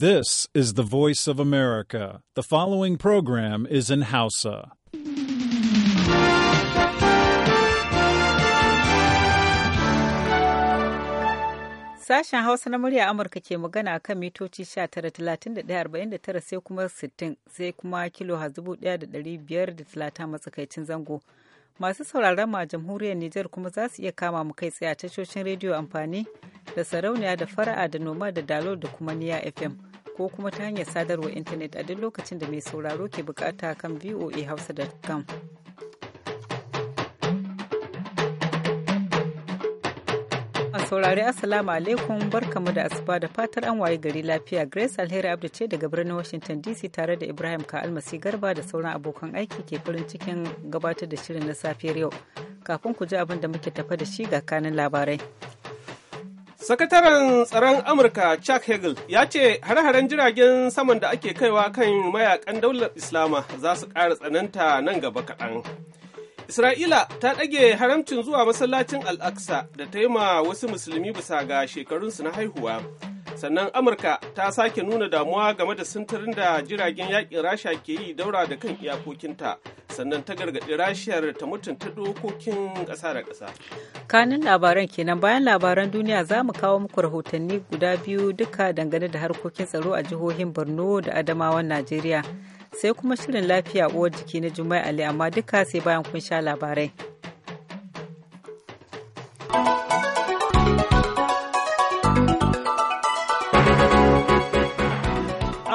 This is the voice of America. The following program is in Hausa. Sashen Hausa na murya Amurka ke magana a kan mitoci 19,31,49 sai kuma 60 sai kuma kilo 1,530 matsakaicin zango. masu sauraron ma jamhuriyar Nijar kuma za su iya kama mu kai tsaye a tashoshin rediyo amfani da sarauniya da fara'a da noma da dalo da kuma niya FM ko kuma ta hanyar sadarwar intanet a duk lokacin da mai sauraro ke bukata kan voa voahausa.com. saurari assalamu alaikum barkamu da asuba da fatar an waye gari lafiya grace alheri abdu ce daga birnin washington dc tare da ibrahim ka almasi garba da sauran abokan aiki ke farin cikin gabatar da shirin na safiyar yau kafin ku ji abin da muke tafa da shi ga kanin labarai sakataren tsaron amurka chuck hagel ya ce hare-haren jiragen saman da ake kaiwa kan mayakan daular islama za su kara tsananta nan gaba kaɗan Isra'ila ta ɗage haramcin zuwa masallacin Al-Aqsa da ta yi ma wasu musulmi bisa ga shekarunsu na haihuwa. Sannan Amurka ta sake nuna damuwa game da sintirin da jiragen yakin Rasha ke yi daura da kan iyakokinta. Sannan ta gargaɗi Rashiyar ta mutunta dokokin ƙasa da ƙasa. Kanin labaran kenan bayan labaran duniya za mu kawo muku rahotanni guda biyu duka dangane da harkokin tsaro a jihohin Borno da Adamawan Najeriya. sai kuma shirin lafiya uwar jiki na Jummai Ali amma duka sai bayan kun sha labarai.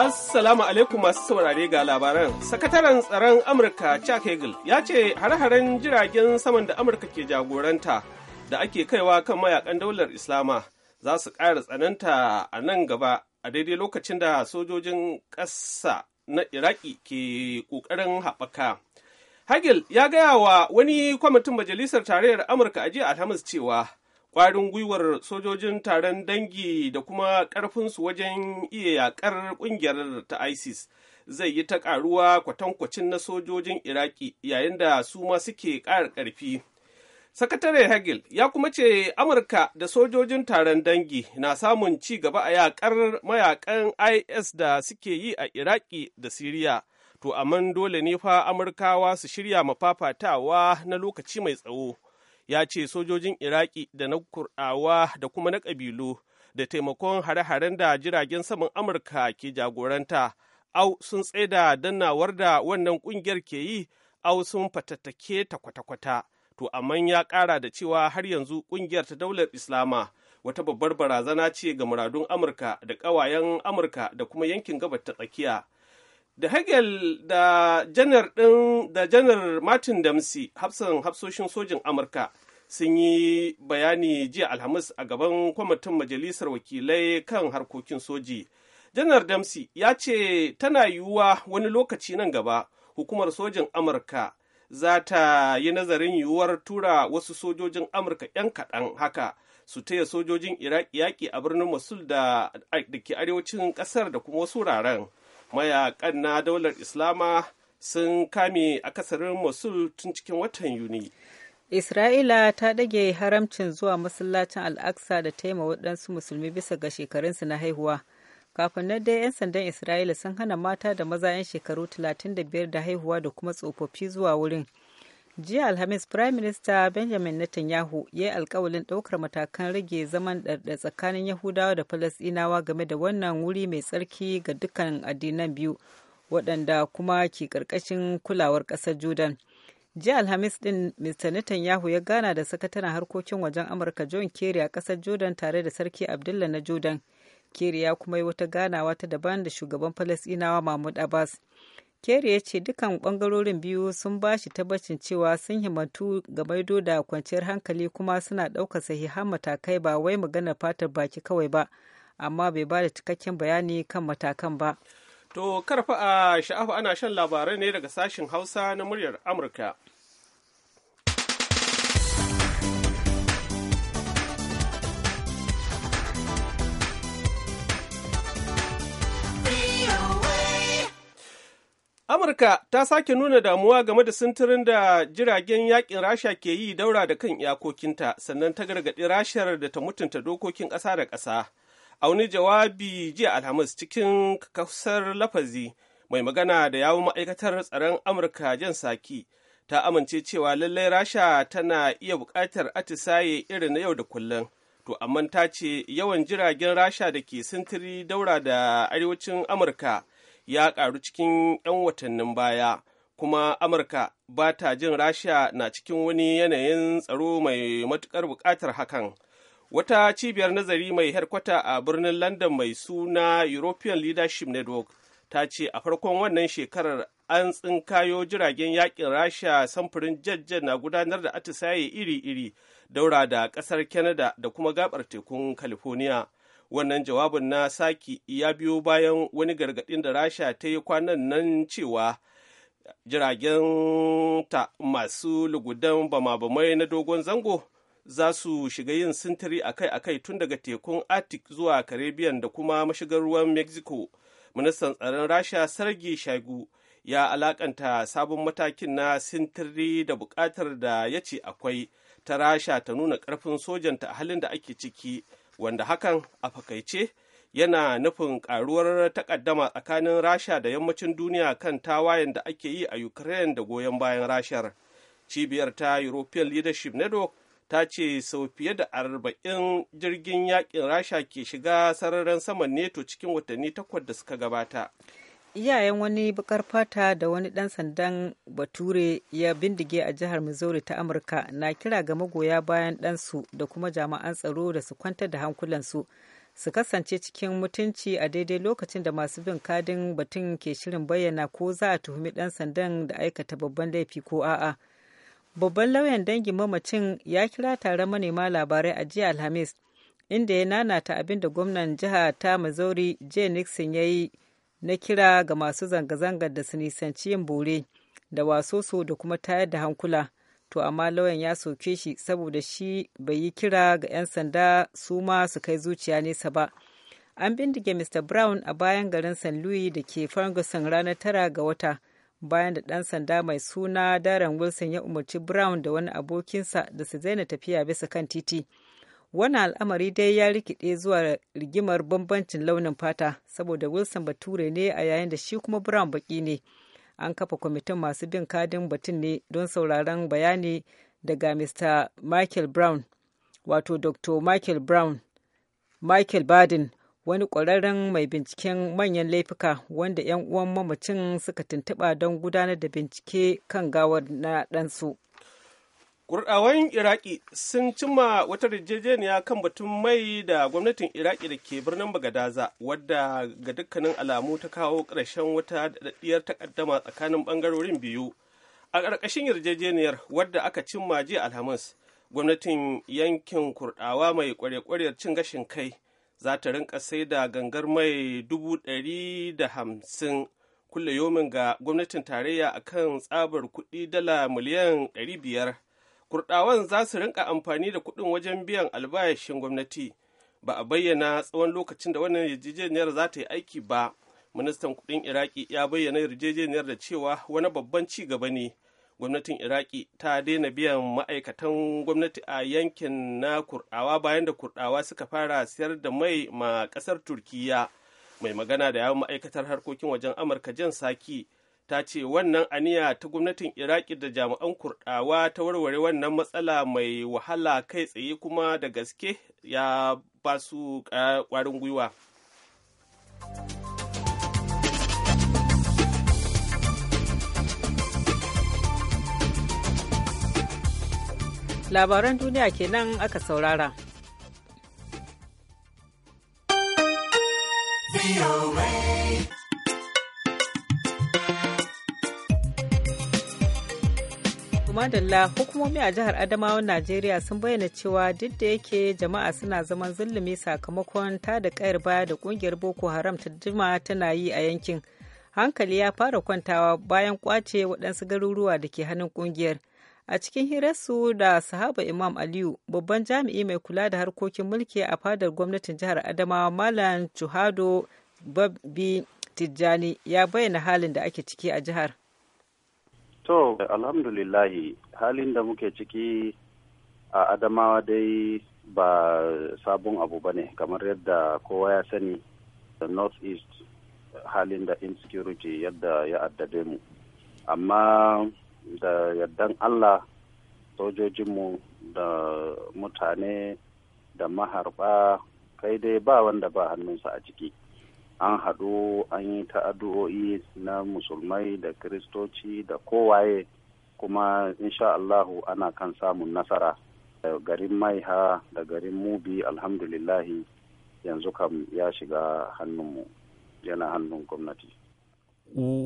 Assalamu alaikum masu saurare ga labaran. Sakataren tsaron Amurka Chuck Hagel ya ce hare-haren jiragen saman da Amurka ke jagoranta da ake kaiwa kan mayakan daular Islama za su ƙara tsananta a nan gaba a daidai lokacin da sojojin ƙasa na iraki ke ƙoƙarin haɓaka hagel ya gaya wa wani kwamitin majalisar tarayyar amurka a jiya alhamis cewa ƙwarin gwiwar sojojin taron dangi da kuma ƙarfinsu wajen iya yaƙar ƙungiyar ta isis zai yi ta ƙaruwa kwatankwacin na sojojin iraki yayin da su ma suke ƙara ƙarfi Sakatare Hagel ya kuma ce Amurka da sojojin taron dangi na samun ci gaba a yakar mayakan IS da suke yi a Iraki da Siriya. To, amma dole ne fa Amurkawa su shirya mafafatawa na lokaci mai tsawo. Ya ce sojojin Iraki da na Kur'awa da kuma na ƙabilu da taimakon hare-haren da jiragen saman Amurka ke jagoranta, au sun tsaida dannawar da wannan ƙungiyar ke yi, au sun fatattake ta kwata-kwata. to amma ya ƙara da cewa har yanzu ƙungiyar ta daular islama wata babbar barazana ce ga muradun amurka da ƙawayen amurka da kuma yankin gabar ta tsakiya da hegel da janar din da janar martin damsi hafsan hafsoshin sojin amurka sun yi bayani jiya alhamis a gaban kwamitin majalisar wakilai kan harkokin soji janar damsi ya ce tana yiwuwa wani lokaci nan gaba hukumar sojin amurka za ta yi nazarin yiwuwar tura wasu sojojin amurka 'yan kaɗan haka su taya sojojin iraki yaƙi a birnin mosul da ke arewacin ƙasar da kuma wasu wuraren mayakan na daular islama sun kame akasarin mosul tun cikin watan yuni Isra'ila ta ɗage haramcin zuwa masallacin al'aksa da taima waɗansu musulmi bisa ga shekarunsu na haihuwa. kafin nan dai 'yan sandan isra'ila sun hana mata da maza 'yan shekaru 35 da haihuwa da kuma tsofaffi zuwa wurin jiya alhamis prime minister benjamin netanyahu ya yi alkawalin ɗaukar matakan rage zaman ɗarɗa tsakanin yahudawa da falasɗinawa game da wannan wuri mai tsarki ga dukkan addinan biyu waɗanda kuma ke ƙarƙashin kulawar ƙasar jordan jiya alhamis ɗin mr netanyahu ya gana da sakataren harkokin wajen amurka john kerry a ƙasar jordan tare da sarki abdullah na jordan Kerry ya kuma yi wata ganawa ta daban da shugaban Falasɗinawa Mahmud Abbas. Kerry ya ce dukan bangarorin biyu sun ba shi tabbacin cewa sun himmatu ga maido da kwanciyar hankali kuma suna ɗaukar sahihan matakai ba wai maganar fatar baki kawai ba, amma bai ba da cikakken bayani kan matakan ba. To karfa a sha'afa ana shan labarai ne daga sashin Hausa na muryar Amurka. Amurka ta sake nuna damuwa game da sintirin da jiragen yakin Rasha ke yi daura da kan iyakokinta, sannan ta gargaɗi Rashar da ta mutunta dokokin ƙasa da ƙasa. A wani jawabi jiya Alhamis cikin kafsar lafazi mai magana da yawun ma'aikatar tsaron Amurka jan saki ta amince cewa lallai Rasha tana iya buƙatar atisaye irin na yau da kullum. To, amma ta ce yawan jiragen Rasha da ke sintiri daura da arewacin Amurka. ya ƙaru cikin 'yan watannin baya kuma amurka ba ta jin rasha na cikin wani yanayin tsaro mai matuƙar buƙatar hakan wata cibiyar nazari mai herkwata a birnin london mai suna european leadership network ta ce a farkon wannan shekarar an tsinkayo jiragen yakin rasha samfurin jajjan na gudanar da atisaye iri-iri daura da kasar canada da kuma gabar tekun california wannan jawabin na saki ya biyo bayan wani gargaɗin da rasha ta yi kwanan nan cewa jiragen ta masu lugudan bama-bamai na dogon zango za su shiga yin sintiri akai-akai tun daga tekun arctic zuwa caribbean da kuma mashigar ruwan mexico ministan tsaron rasha sargi shagu ya alakanta sabon matakin na sintiri da bukatar da ya ce akwai ta rasha ta nuna karfin sojanta a halin da ake ciki wanda hakan a fakaice yana nufin karuwar takaddama tsakanin rasha da yammacin duniya kan tawayen da ake yi a ukraine da goyon bayan rashar cibiyar ta european leadership network ta ce sau fiye da arba'in jirgin yakin rasha ke shiga sararin saman neto cikin watanni takwas da suka gabata iyayen wani bakar fata da wani dan sandan bature ya bindige a jihar missouri ta amurka na kira ga magoya bayan ɗansu da kuma jami'an tsaro da su kwantar da hankulansu su kasance cikin mutunci a daidai lokacin da masu bin kadin batun ke shirin bayyana ko za a tuhumi ɗan sandan da aikata babban laifi ko a'a babban lauyan dangin mamacin ya kira tare manema labarai a jiya alhamis inda ya nanata abin da gwamnan jiha ta missouri jay nixon ya yi na kira ga masu zanga-zangar da su nisanci yin bore da wasoso da kuma tayar da hankula to amma lauyan ya soke shi saboda shi bai yi kira ga 'yan sanda su ma su kai zuciya nesa ba an bindige mr brown a bayan garin st louis da ke ferguson ranar tara ga wata bayan da ɗan sanda mai suna darren wilson ya umarci brown da wani abokinsa da su zaina tafiya bisa kan titi wannan al'amari dai ya rikide zuwa rigimar bambancin launin fata saboda wilson bature ne a yayin da shi kuma brown baki ne an kafa kwamitin masu bin kadin batun ne don sauraron bayani daga mr michael brown wato dr michael brown michael baden wani ƙwararren mai binciken manyan laifuka wanda 'yan uwan mamacin suka tuntuɓa don gudanar da bincike kan gawar na ɗansu. Kurɗawan iraki sun cimma wata yarjejeniya kan batun mai da gwamnatin iraki da ke birnin bagadaza wadda ga dukkanin alamu ta kawo ƙarshen wata daɗaɗɗiyar takaddama tsakanin ɓangarorin biyu a ƙarƙashin yarjejeniyar wadda aka cimma jiya alhamis gwamnatin yankin kurɗawa mai ƙware kwaryar cin gashin kai za ta rinka sai da gangar mai dubu ɗari da hamsin kulle yomin ga gwamnatin tarayya akan tsabar kuɗi dala miliyan ɗari biyar kurdawan za su rinka amfani da kuɗin wajen biyan albashin gwamnati ba a bayyana tsawon lokacin da wannan yarjejeniyar za ta yi aiki ba ministan kuɗin iraki ya bayyana yarjejeniyar da cewa wani babban ci gaba ne gwamnatin iraki ta daina biyan ma'aikatan gwamnati a yankin na kurdawa bayan da kurdawa suka fara siyar da mai ma ƙasar turkiya mai magana da yawon ma'aikatar harkokin wajen amurka jan saki ta ce wannan aniya ta gwamnatin iraki da jami'an kurdawa ta warware wannan matsala mai wahala kai tsaye kuma da gaske ya ba su kwarin gwiwa labaran duniya kenan aka saurara madalla hukumomi a jihar adamawa najeriya sun bayyana cewa duk da yake jama'a suna zaman zulumi sakamakon ta da kayar baya da kungiyar boko haram ta jima tana yi a yankin hankali ya fara kwantawa bayan kwace waɗansu garuruwa da ke hannun kungiyar a cikin hirarsu da sahaba imam aliyu babban jami'i mai kula da harkokin mulki a fadar gwamnatin jihar adamawa malam juhado babbi tijjani ya bayyana halin da ake ciki a jihar To, so, alhamdulillahi halin da muke ciki a Adamawa dai ba sabon abu ba ne, kamar yadda kowa ya sani da North East halin da insecurity yadda ya addade mu. Amma da yardan Allah sojojinmu da mutane da maharba kai dai ba wanda ba hannunsa a ciki. an haɗu an yi ta addu'o'i na musulmai da kiristoci da kowaye kuma insha Allahu ana kan samun nasara garin maiha da garin mubi alhamdulillahi yanzu kam ya shiga hannunmu yana hannun gwamnati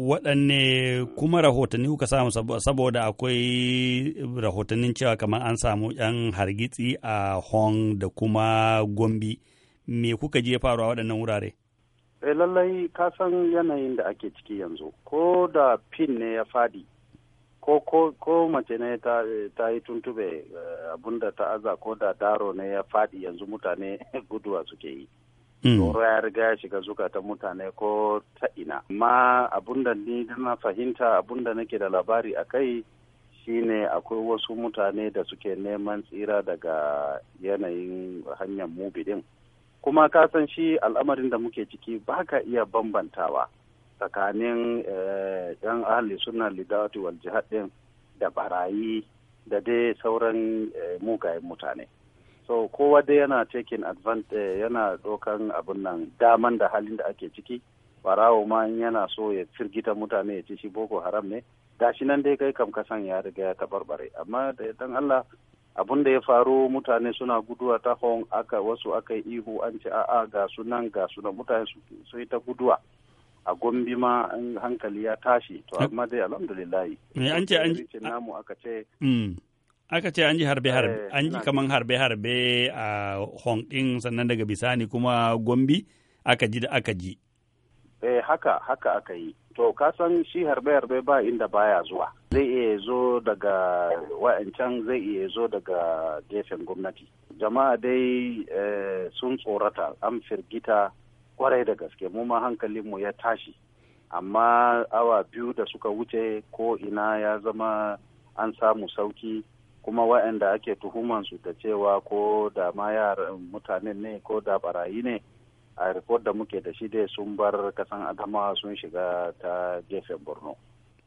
waɗanne kuma rahotanni kuka samu saboda akwai rahotannin cewa kamar an samu 'yan hargitsi a hong da kuma gombi me kuka je faruwa waɗannan wurare e lallai ka san yanayin da ake ciki yanzu ko da pin ne ya fadi ko ko ko mace ne ta ta yi tuntube eh, abinda ta aza ko da daro ne ya fadi yanzu mutane guduwa suke yi hmm. tsoro ya riga ya shiga ta mutane ko ta ina amma abinda ni na fahimta abinda nake da labari a kai shine akwai wasu mutane da suke neman tsira daga yanayin hanyar din kuma ka san shi al'amarin da muke ciki ba ka iya bambantawa tsakanin eh, yan ahli suna lidawati wal jihad da barayi da dai sauran eh, mugayen mutane so kowa dai yana taking advantage eh, yana dokan abun nan daman da halin da ake ciki barawo ma yana so ya firgita mutane ya ci shi boko haram ne gashi nan dai kai kam kasan ya riga ya tabarbare amma da dan Allah abun da ya faru mutane suna guduwa ta hon aka wasu aka yi ihu an ce a'a ga sunan ga suna mutane su yi ta guduwa a gombi ma hankali ya tashi to amma dai alhamdulillah eh, an ce an namu aka ce hmm. aka ce an ji harbe harbe eh, an ji kaman harbe harbe a hong din sannan daga bisani kuma gombi aka ji da aka ji eh haka haka aka yi to ka san shi harbe-harbe ba inda baya zuwa zai iya zo daga wa'ancan zai iya zo daga gefen gwamnati jama'a dai eh, sun tsorata an firgita kwarai da gaske mu ma hankalinmu ya tashi amma awa biyu da suka wuce ko ina ya zama an samu sauki kuma wa'anda ake tuhumansu da cewa ko da ma yaran mutanen ne ko da barayi ne a report da muke da shi dai sun bar kasan adamawa sun shiga ta gefen borno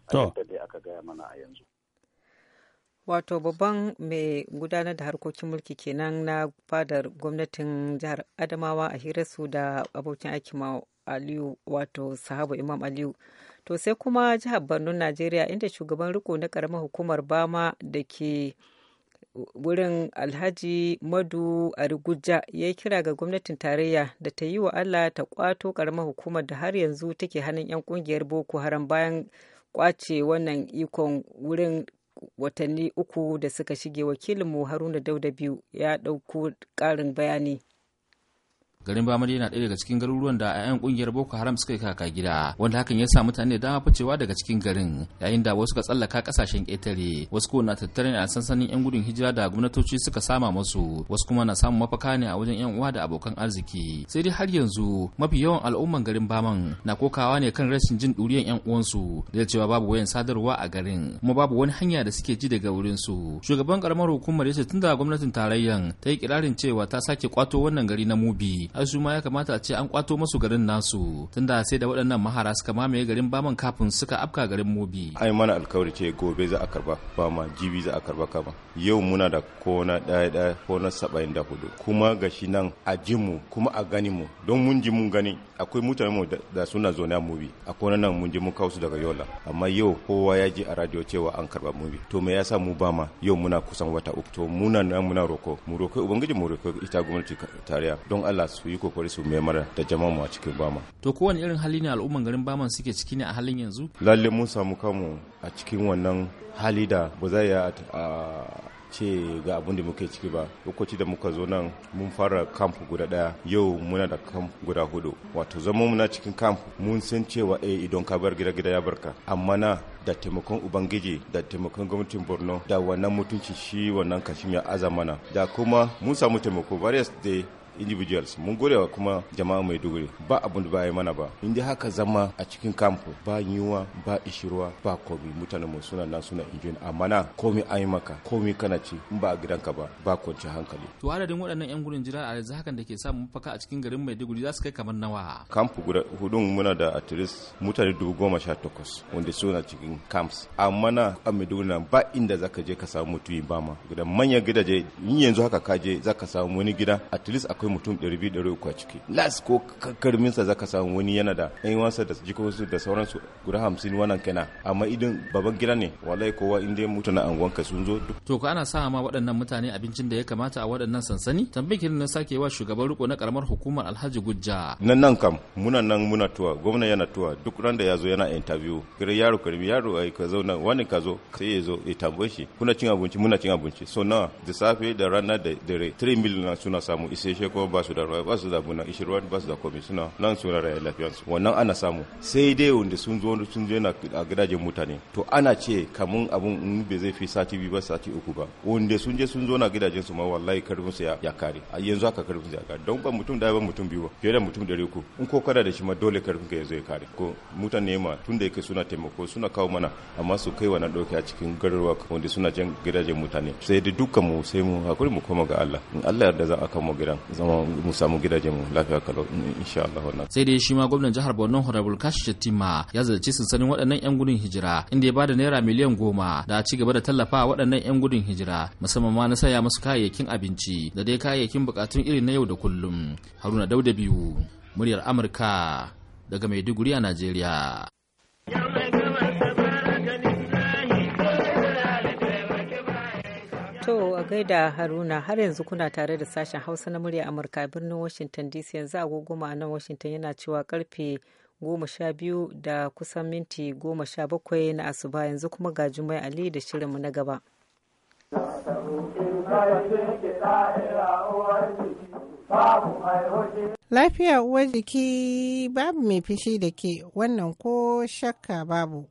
a da dai aka gaya mana a yanzu wato babban mai gudanar da harkokin mulki kenan na fadar gwamnatin jihar adamawa a hirarsu da abokin aikin aliyu wato sahabu imam aliyu to sai kuma jihar borno najeriya inda shugaban riko na karamar hukumar bama da ke wurin alhaji madu arguja ya kira ga gwamnatin tarayya da ta yi wa allah ta kwato karamar hukumar da har yanzu take hannun 'yan kungiyar boko haram bayan kwace wannan ikon wurin watanni uku da suka shige wakilinmu haruna dauda biyu ya ɗauko ƙarin bayani garin bamari yana ɗaya daga cikin garuruwan da 'ya'yan ƙungiyar boko haram suka yi kaka gida wanda hakan ya sa mutane da dama ficewa daga cikin garin yayin da wasu ka tsallaka ƙasashen ƙetare wasu kuma na tattare a sansanin 'yan gudun hijira da gwamnatoci suka sama musu wasu kuma na samun mafaka ne a wajen 'yan uwa da abokan arziki sai dai har yanzu mafi yawan al'umman garin baman na kokawa ne kan rashin jin ɗuriyan 'yan uwansu da cewa babu wayan sadarwa a garin kuma babu wani hanya da suke ji daga wurin su shugaban karamar hukumar ya ce tun da gwamnatin tarayyan ta yi kirarin cewa ta sake kwato wannan gari na mubi su ma ya kamata a ce an kwato masu garin nasu tunda sai da waɗannan mahara suka mamaye garin baman kafin suka afka garin mobi ai mana alkawari ce gobe za a karba ba ma jibi za a karba kama yau muna da kona ɗaya ɗaya kona saba'in da hudu kuma gashi nan a ji mu kuma a gani mu don mun ji mun gani akwai mutane mu da suna zaune a mobi a kona nan mun ji mun kawo su daga yola amma yau kowa ya ji a radio cewa an karba mobi to me yasa mu ba ma yau muna kusan wata uku to muna nan muna roko mu roko ubangiji mu roko ita gwamnati tarayya don Allah su su yi kokari su mai mara da jama'a mu a cikin bama to kowane irin hali ne al'umman garin baman suke ciki ne a halin yanzu lalle mun samu kanmu a cikin wannan hali da ba za ya ce ga abin da muke ciki ba lokaci da muka zo nan mun fara kamfu guda daya yau muna da kamfu guda hudu wato zama muna cikin kamfu mun san cewa eh idan ka bar gida gida ya barka amma na da taimakon ubangiji da taimakon gwamnatin borno da wannan mutunci shi wannan kashim ya aza da kuma mun samu taimako various day individuals mun gode wa kuma jama'a mai dogare ba abun da ba mana ba inda haka zama a cikin camp ba yiwa ba ishirwa ba komi mutanen mu suna nan suna injin amma na komi an maka komi kana ci in ba a gidanka ba ba kwanci hankali to adadin waɗannan yan gudun jira a yanzu hakan da ke samun mafaka a cikin garin Maiduguri za su kai kamar nawa camp guda hudun muna da at least mutane dubu goma sha takwas wanda suna cikin camps amma na a Maiduguri na ba inda zaka je ka samu mutumin ba ma gidan manyan gidaje in yanzu haka ka je zaka samu wani gida at least akwai akwai mutum 200-300 a ciki las ko karminsa za ka samu wani yana da yan wasa da jikokinsu da sauransu guda hamsin wannan kenan amma idan baban gida ne wallahi kowa inda ya mutu na ka sun zo to ko ana sa ma waɗannan mutane abincin da ya kamata a waɗannan sansani tambayar na sake wa shugaban riko na karamar hukumar alhaji gujja nan nan kam muna nan muna tuwa gwamna yana tuwa duk ran da ya zo yana interview kira yaro karmi yaro ai ka zauna wani ka zo sai ya zo ya tambaye shi kuna cin abinci muna cin abinci so na da safe da rana da dare 3 million suna samu isasshe ko ba su da ruwa ba su da buna ishirwa ba su da komai suna nan su na rayuwar lafiyansu wannan ana samu sai dai wanda sun zo sun je na a gidajen mutane to ana ce kamun abun in bai zai fi sati biyu ba sati uku ba wanda sun je sun zo na gidajen su ma wallahi karfin su ya kare a yanzu haka karfin su ya kare don ba mutum da ba mutum biyu ba fiye da mutum dare uku in ko kada da shi ma dole karfin ka yanzu ya kare ko mutane ma tun da yake suna taimako suna kawo mana amma su kai wannan dauke a cikin garuruwa wanda suna jan gidajen mutane sai da dukkan mu sai mu hakuri mu koma ga Allah in Allah yarda za a kama gidan mu samu gidajen mu lafiya kalo insha Allah wannan sai dai shi ma gwamnan jihar Borno Honorable Kashi Shettima ya zaci sansanin waɗannan yan gudun hijira inda ya bada naira miliyan goma da a ci gaba da tallafa waɗannan yan gudun hijira musamman ma na saya musu kayayyakin abinci da dai kayayyakin bukatun irin na yau da kullum Haruna Dauda biyu muryar Amurka daga Maiduguri a Najeriya. a gaida Haruna har yanzu kuna tare da sashen Hausa na murya Amurka birnin Washington DC yanzu agogo nan Washington yana cewa karfe goma sha biyu da kusan minti goma sha bakwai na asuba yanzu kuma ga Jumai Ali da shirinmu na gaba. Lafiya uwa jiki babu mai fishi da ke wannan ko shakka babu.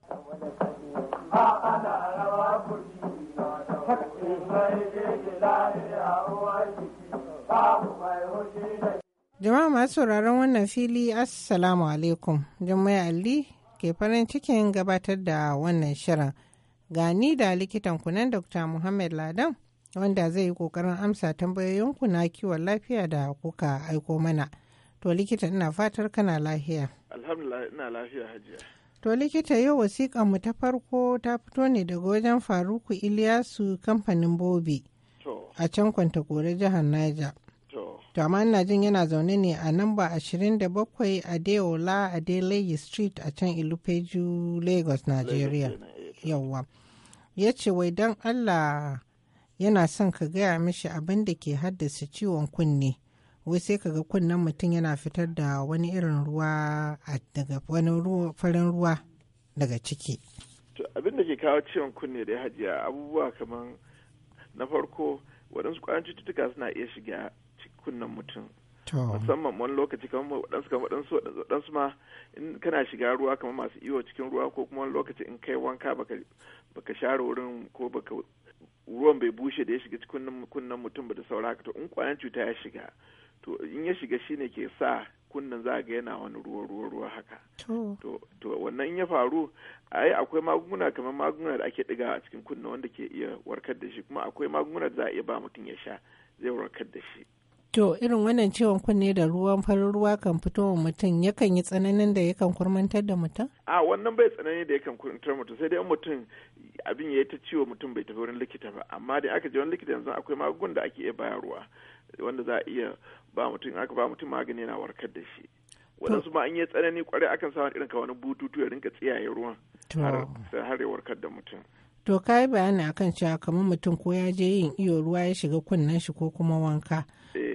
Jama'a masu sauraron wannan fili Assalamu alaikum. Jummai Ali ke farin cikin gabatar da wannan shirin. Gani da likitan kunan Dr. Muhammad Ladan wanda zai yi kokarin amsa tambayoyinku na kiwon lafiya da kuka aiko mana. To likita ina fatar kana lafiya. Alhamdulillah ina lafiya hajiya. To likita yau wasiƙan mu ta farko ta fito ne daga wajen Faruku Iliyasu kamfanin Bobi. a can kwanta kore jihar Niger. to amma ina jin yana zaune ne a namba 27 a adelayi street a can ilupeju lagos nigeria yawwa ya ce wai don allah yana son ka gaya mishi abin da ke haddasa ciwon kunne wai sai ka ga kunnen mutum yana fitar da wani irin ruwa daga wani farin ruwa daga ciki abin da ke kawo ciwon kunne da ya hajiya abubuwa kamar na farko waɗansu ƙwayan cututtuka suna iya shiga kunnen mutum musamman wani lokaci kamar waɗansu kamar waɗansu waɗansu ma in kana shiga ruwa kamar masu iyo cikin ruwa ko kuma wani lokaci in kai wanka baka baka share wurin ko baka ruwan bai bushe da ya shiga cikin kunnen mutum ba da saura to in kwayan cuta ya shiga to in ya shiga shine ke sa kunnen za ga yana wani ruwa ruwa ruwa haka to to wannan ya faru ai akwai magunguna kamar magunguna da ake diga a cikin kunne wanda ke iya warkar da shi kuma akwai magunguna da za a iya ba mutum ya sha zai warkar da shi To irin wannan ciwon kunne da ruwan farin ruwa kan fito wa mutum yakan yi tsananin da yakan kurmantar da mutum? A wannan bai tsanani da yakan kurmantar mutum sai dai mutum abin ya yi ta ciwo mutum bai tafi wurin likita ba amma da aka je wani likita yanzu akwai magungun da ake iya bayarwa wanda za a iya ba mutum aka ba mutum magani yana warkar da shi. waɗansu ma an yi tsanani kwarai akan sa irin ka wani bututu ya rinka tsiyaye ruwan har ya warkar da mutum. To ka yi bayani akan cewa kamar mutum ko ya je yin iyo ruwa ya shiga kunnen shi ko kuma wanka.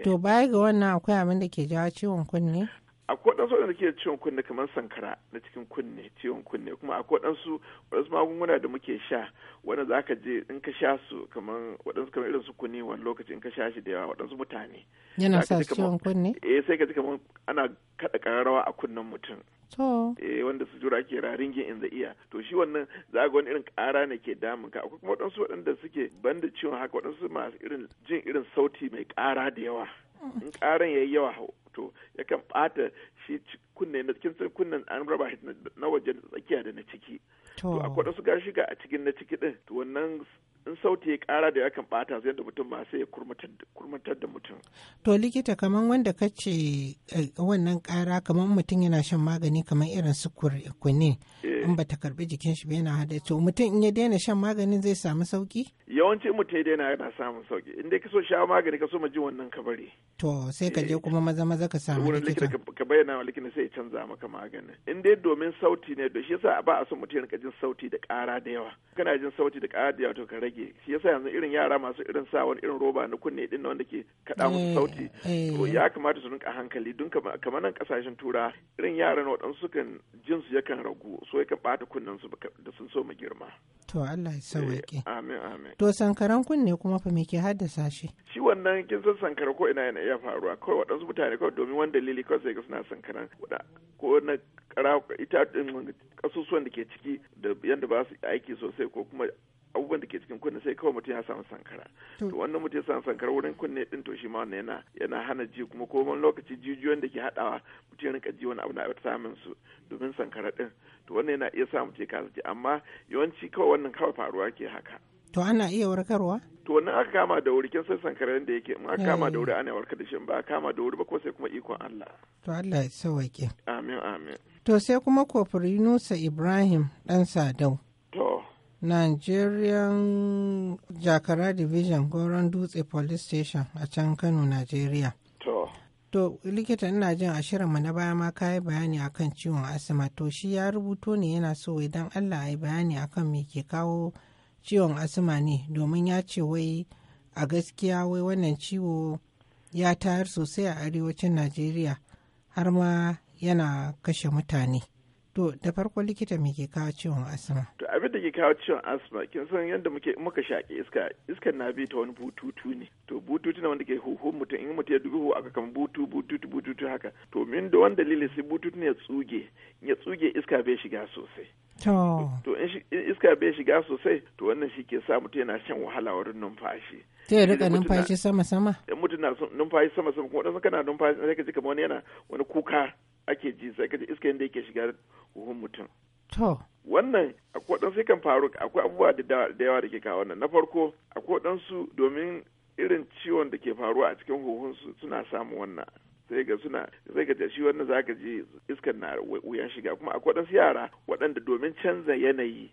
To baya ga wannan akwai abin da ke jawo ciwon kunne? akwai ɗansu waɗanda ke ciwon kunne kamar sankara na cikin kunne ciwon kunne kuma akwai ɗansu waɗansu magunguna da muke sha wanda za ka je in ka sha su kamar waɗansu kamar irin su kuni wani lokaci in ka sha shi da yawa waɗansu mutane yana sa ciwon kunne eh sai ka ji kamar ana kaɗa ƙararrawa a kunnen mutum to eh wanda su jura ke raringin in the iya to shi wannan za ga wani irin ƙara ne ke damun ka akwai kuma waɗansu waɗanda suke banda ciwon haka waɗansu masu irin jin irin sauti mai ƙara da yawa mm. in ƙaran yi yawa to yakan bata shi kunne na cikin san kunnen an raba shi na wajen tsakiya da na ciki to akwai wasu gashi ga a cikin na ciki din to wannan in sauti ya kara da yakan bata zai da mutum masu sai ya kurmatar da mutum. To likita kamar wanda ka ce eh, wannan kara kamar mutum yana shan magani kamar irin su kunin eh. in ta karbi jikin shi yana hada to mutum in ya daina shan maganin zai samu sauki? Yawanci mutum ya daina yana samun sauki in dai ka so sha magani ka so ma ji wannan ka bari. To sai ka je eh. kuma maza maza ka samu likita. Ka bayyana wa likita sai ya canza maka magani. In dai domin sauti ne da shi yasa ba a son mutum ya jin sauti da kara da yawa. Kana jin sauti da kara da yawa to ka rage shi yasa yanzu irin yara masu irin sa wani irin roba na kunne din wanda ke kaɗa musu eh, sauti eh. to ya kamata su rinka hankali dun kamar nan kasashen tura irin yaran waɗansu sukan jin su yakan ragu so yakan ɓata kunnen su da sun so mu girma to Allah ya sauke eh, amin amin to sankaran kunne kuma fa me ke haddasa shi shi wannan kin san sankara ko ina yana iya faruwa kawai waɗansu mutane kawai domin wani dalili kawai sai ga suna sankaran ko na kasusuwan da ke ciki da yadda ba su aiki sosai ko kuma abubuwan da ke cikin kunne sai kawai mutum ya samu sankara to wannan mutum ya samu sankara wurin kunne din to shi ma wannan yana yana hana ji kuma ko wani lokaci jijiyoyin da ke haɗawa mutum ya rinka ji wani abu na samun su domin sankara din to wannan yana iya sa ce ya kasa ji amma yawanci kawai wannan kawai faruwa ke haka To ana iya warkarwa? To wannan aka kama da wuri kin san sankara da yake in aka kama da eh. wuri ana warkar da shi ba a kama da wuri ba ko sai kuma ikon Allah. To Allah ya sauke. Amin amin. To sai kuma kofar Yunusa Ibrahim dan Sadau. To. nigerian jakara division goron dutse police station a can kano nigeria to to likita ina jin a shirinmu na baya ma kayi bayani akan ciwon asma to shi ya rubuto ne yana so idan allah ayi bayani akan me ke kawo ciwon asma ne domin ya ce wai a gaskiya wai wannan ciwo ya tayar sosai a arewacin najeriya har ma yana kashe mutane To da farko likita me ke kawo ciwon asma? To abin da ke kawo ciwon asma kin san yadda muke muka shaƙi iska iskar na bi ta wani bututu ne. To bututu na wanda ke huhu mutum in mutum ya dubi huhu aka kama butu bututu bututu haka. To min da wanda lili sai bututu ne ya tsuge ya tsuge iska bai shiga sosai. To in iska bai shiga sosai to wannan shi ke sa mutum yana shan wahala wurin numfashi. Ta ya rika numfashi sama sama? Mutum na numfashi sama sama kuma wadansu kana numfashi sai ka ji kamar wani yana wani kuka ake ji sai ka ji iskan da yake shiga huhun mutum to wannan akwai ɗan sai kan faru akwai abubuwa da yawa da ke kawo wannan na farko akwai dan su domin irin ciwon da ke faruwa a cikin huhun su suna samun wannan sai ga suna sai ga shi wannan zaka ji iskan na wuyan shiga kuma akwai dan yara waɗanda domin canza yanayi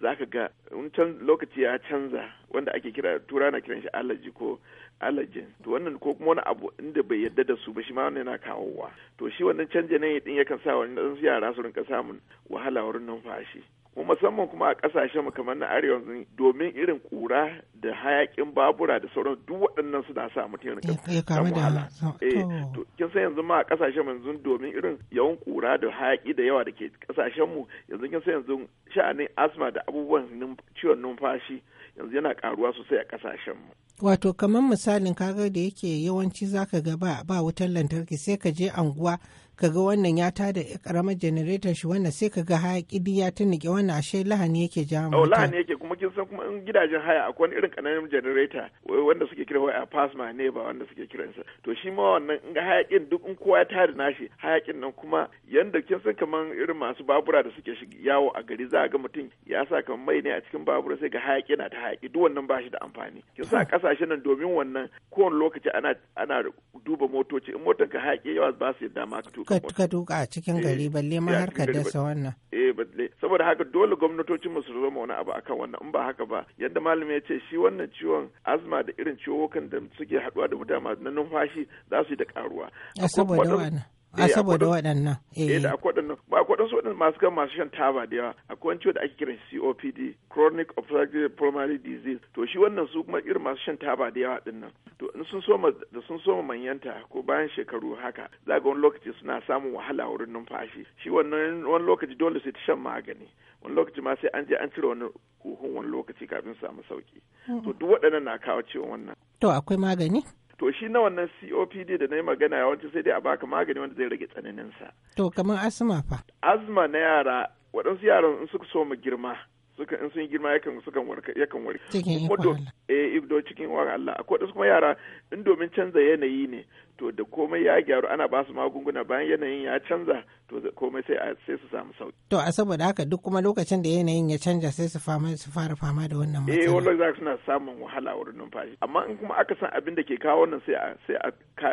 za ka ga can lokaci ya canza wanda ake kira tura na kiran shi allergy ko allergen to wannan ko kuma wani abu inda bai yadda da su ba shi ma wannan yana kawowa to shi wannan canje ne din yakan sa wani yara su rinka samun wahala wurin numfashi kuma musamman kuma a kasashen mu kamar na arewa domin irin kura da hayakin babura da sauran duk waɗannan suna sa mutum ya kamu da eh to kin san yanzu ma a kasashen mu yanzu domin irin yawan kura da hayaki da yawa da ke kasashen mu yanzu kin san yanzu sha'anin asma da abubuwan ciwon numfashi yanzu yana karuwa sosai a kasashen mu wato kamar misalin kaga da yake yawanci zaka ga ba wutar lantarki sai ka je anguwa kaga wannan ya tada karamar janareta shi wannan sai kaga hayaki din ya tunnuke wannan ashe lahani yake jawo oh, mata. lahani yake kuma kin san kuma in gidajen haya akwai wani irin kananan janareta. wanda suke kira wa a ma ne ba wanda suke kiran sa to shi ma wannan in ga hayakin duk in kowa ya tada nashi hayakin nan kuma yanda kin san kaman irin masu babura da suke yawo a gari za ga mutum ya sa kaman mai ne a cikin babura sai ga hayaki na ta hayaki duk wannan ba shi da amfani kin sa kasashen nan domin wannan kowane lokaci ana ana duba motoci in motar ka hayaki yawa ba su yadda ma ka ka duka a cikin eh, gari balle ma har ka dasa wannan eh balle saboda haka dole gwamnatocin mu su zama wani abu akan wannan in ba haka ba yadda malami ya ce shi wannan ciwon azma da irin ciwokan da suke haduwa da mutane na numfashi za su yi da karuwa eh, saboda wannan Eh, a ah, saboda waɗannan eh da eh. akwai waɗannan ba akwai waɗansu waɗannan masu kan masu shan taba da yawa akwai wani ciwo da ake kira COPD chronic obstructive pulmonary disease to shi wannan su kuma irin masu shan taba da yawa din nan to in sun soma da sun soma manyanta ko bayan shekaru haka za ga wani lokaci suna samun wahala wurin numfashi shi wannan wani lokaci dole sai ta shan magani wani lokaci ma sai an je an cire wani huhun wani lokaci kafin samu sauki to mm-hmm. duk waɗannan na kawo ciwon wannan to akwai magani to shi na wannan COPD da na yi magana yawanci sai dai a baka magani wanda zai rage tsananinsa. To kamar asma fa? Asma na yara waɗansu yaran in suka so mu girma suka in sun girma yakan sukan warka yakan warke kuma eh do cikin wa Allah akwai wasu kuma yara in domin canza yanayi ne to da komai ya gyaru ana ba su magunguna bayan yanayin ya canza to komai sai sai su samu sauki to a saboda haka duk kuma lokacin da yanayin ya canja sai su fama su fara fama da wannan matsala eh wallahi za suna samun wahala wurin numfashi amma in kuma aka san abin da ke kawo wannan sai a sai a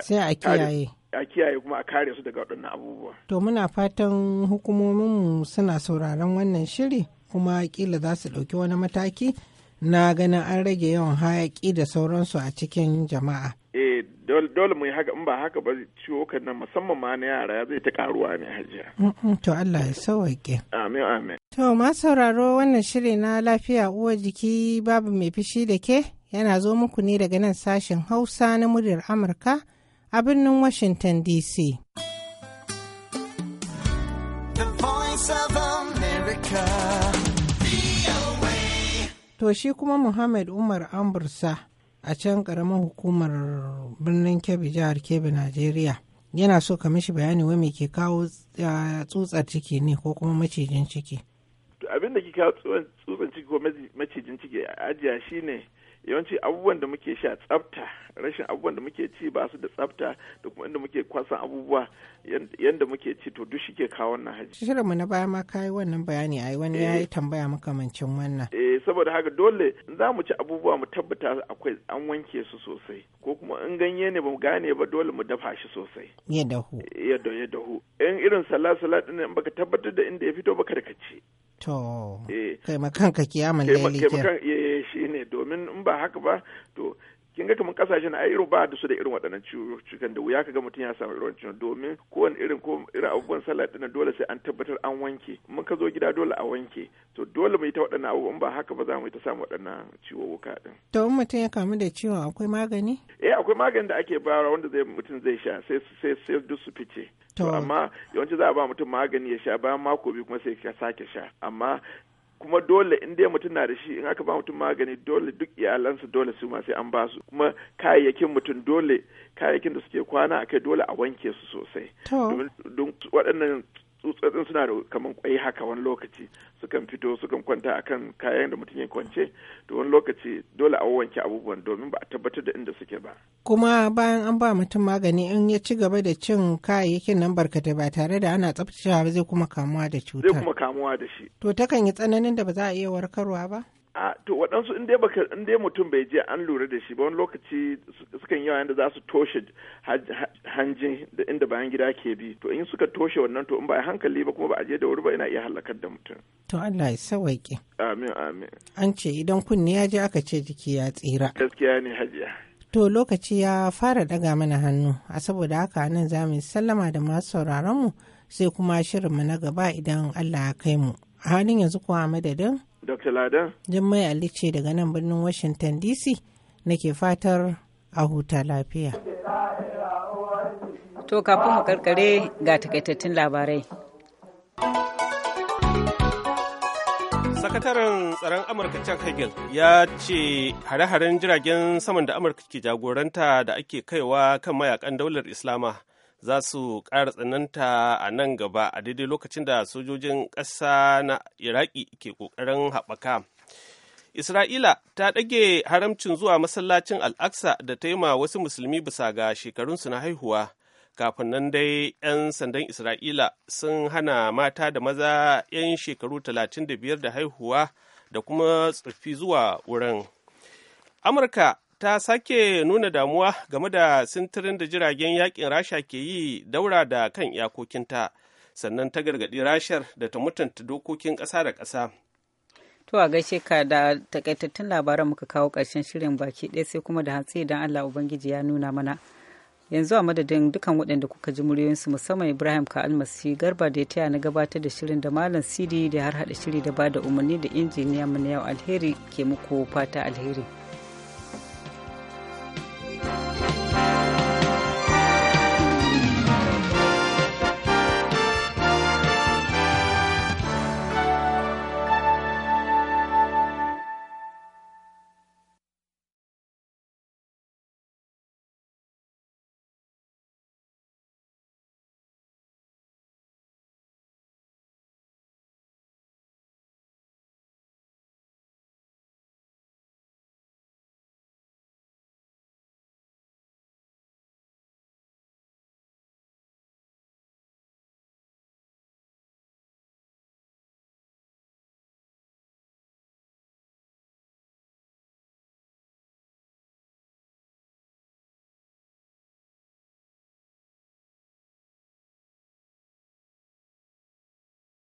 sai a kiyaye a kiyaye kuma a kare su daga waɗannan abubuwa to muna fatan hukumomin suna sauraron wannan shiri kuma kila za su ɗauki wani mataki na ganin an rage yawan hayaƙi da sauransu a cikin jama'a. Eh dole mu yi haka in ba haka ba ciwokan nan musamman ma na yara zai ta karuwa ne hajiya. To Allah ya sauwaƙe. Amin amin. To ma sauraro wannan shiri na lafiya uwa jiki babu mai fishi da ke yana zo muku ne daga nan sashen Hausa na muryar Amurka a birnin Washington DC. To shi kuma Muhammad Umar Ambursa a can ƙaramin hukumar birnin Kebbi jihar Kebbi Najeriya yana so ka mishi bayani wai me ke kawo tsutsar ciki ne ko kuma macijin ciki. Abin da ke kawo tsutsar ciki ko macijin ciki a ajiya shine yawanci abubuwan da muke sha tsafta rashin abubuwan da muke ci ba su da tsafta da kuma inda muke kwasan abubuwa yadda muke ci to duk shike kawo wannan haji shirinmu na baya ma kayi wannan bayani ai wani ya yi eh. tambaya makamancin wannan eh saboda haka dole za mu ci abubuwa mu tabbata akwai an wanke su sosai ko kuma in ganye ne ba mu gane ba dole mu dafa shi sosai ya dahu ya dahu ya dahu in irin salad salad din baka tabbatar da inda ya fito baka da ka ci to eh kai makanka kiyaman lalle domin in ba haka ba to kin ga kamar kasashen a irin ba da su da irin waɗannan cikin, da wuya kaga mutum ya samu irin cikin domin kowane irin ko irin abubuwan sallah dinnan dole sai an tabbatar an wanke mun ka zo gida dole a wanke to dole mu yi ta waɗannan abubuwan ba haka ba za mu yi ta samu waɗannan ciwuwuka din to in mutum ya kamu da ciwon akwai magani eh akwai magani da ake bayarwa wanda zai mutum zai sha sai sai sai duk su fice to amma yawanci za a ba mutum magani ya sha bayan mako biyu kuma sai ka sake sha amma kuma dole in dai mutum na da shi in aka ba mutum magani dole duk iyalansa dole su ma sai an ba su kuma kayayyakin mutum dole kayayyakin da suke kwana a kai dole a wanke su sosai don waɗannan tsutsotsin suna da kaman kwai haka wani lokaci sukan fito sukan kwanta akan kayan da mutum ya kwance to wani lokaci dole a wanke abubuwan domin ba a tabbatar da inda suke ba kuma bayan an ba mutum magani in ya ci gaba da cin kayayyakin nan barkatai ba tare da ana tsaftacewa ba zai kuma kamuwa da cutar zai kuma kamuwa da shi to takan yi tsananin da ba za a iya warkarwa ba a to waɗansu in dai baka in dai mutum bai je an lura da shi ba wani lokaci sukan yawa yanda za su toshe hanjin da inda bayan gida ke bi to in suka toshe wannan to in ba hankali ba kuma ba a je da wuri ba ina iya halakar da mutum to Allah ya sawaike amin amin an ce idan kunni ya je aka ce jiki ya tsira gaskiya ne hajiya to lokaci ya fara daga mana hannu a saboda haka nan za mu sallama da masu sauraron mu sai kuma shirinmu na gaba idan Allah ya kai mu a halin yanzu kuwa madadin Dr. Ladan? Jummai Ali ce daga nan birnin Washington DC nake fatar a huta lafiya. To kafin mu karkare ga takaitattun labarai. sakataren tsaron amurka chuck hagel ya ce hare-haren jiragen saman da amurka ke jagoranta da ake kaiwa kan mayakan daular islama za su ƙara tsananta a nan gaba a daidai lokacin da sojojin ƙasa na iraki ke ƙoƙarin haɓaka isra'ila ta ɗage haramcin zuwa masallacin al'aksa da ta yi ma wasu musulmi bisa ga shekarunsu na haihuwa kafin nan dai 'yan sandan isra'ila sun hana mata da maza 'yan shekaru 35 da haihuwa da kuma tsoffi zuwa wurin amurka ta sake nuna damuwa game da sintirin da jiragen yakin rasha ke yi daura da kan iyakokinta sannan ta gargaɗi rashar da ta mutunta dokokin ƙasa da ƙasa To a gaishe ka da takaitattun labaran muka kawo ƙarshen shirin baki ɗaya sai kuma da hantsi idan Allah Ubangiji ya nuna mana. Yanzu a madadin dukkan waɗanda kuka ji muryoyinsu musamman Ibrahim ka almasi garba da ya taya na gabatar da shirin da Malam Sidi da har haɗa shiri da bada umarni da injiniya mu na yau alheri ke muku fata alheri.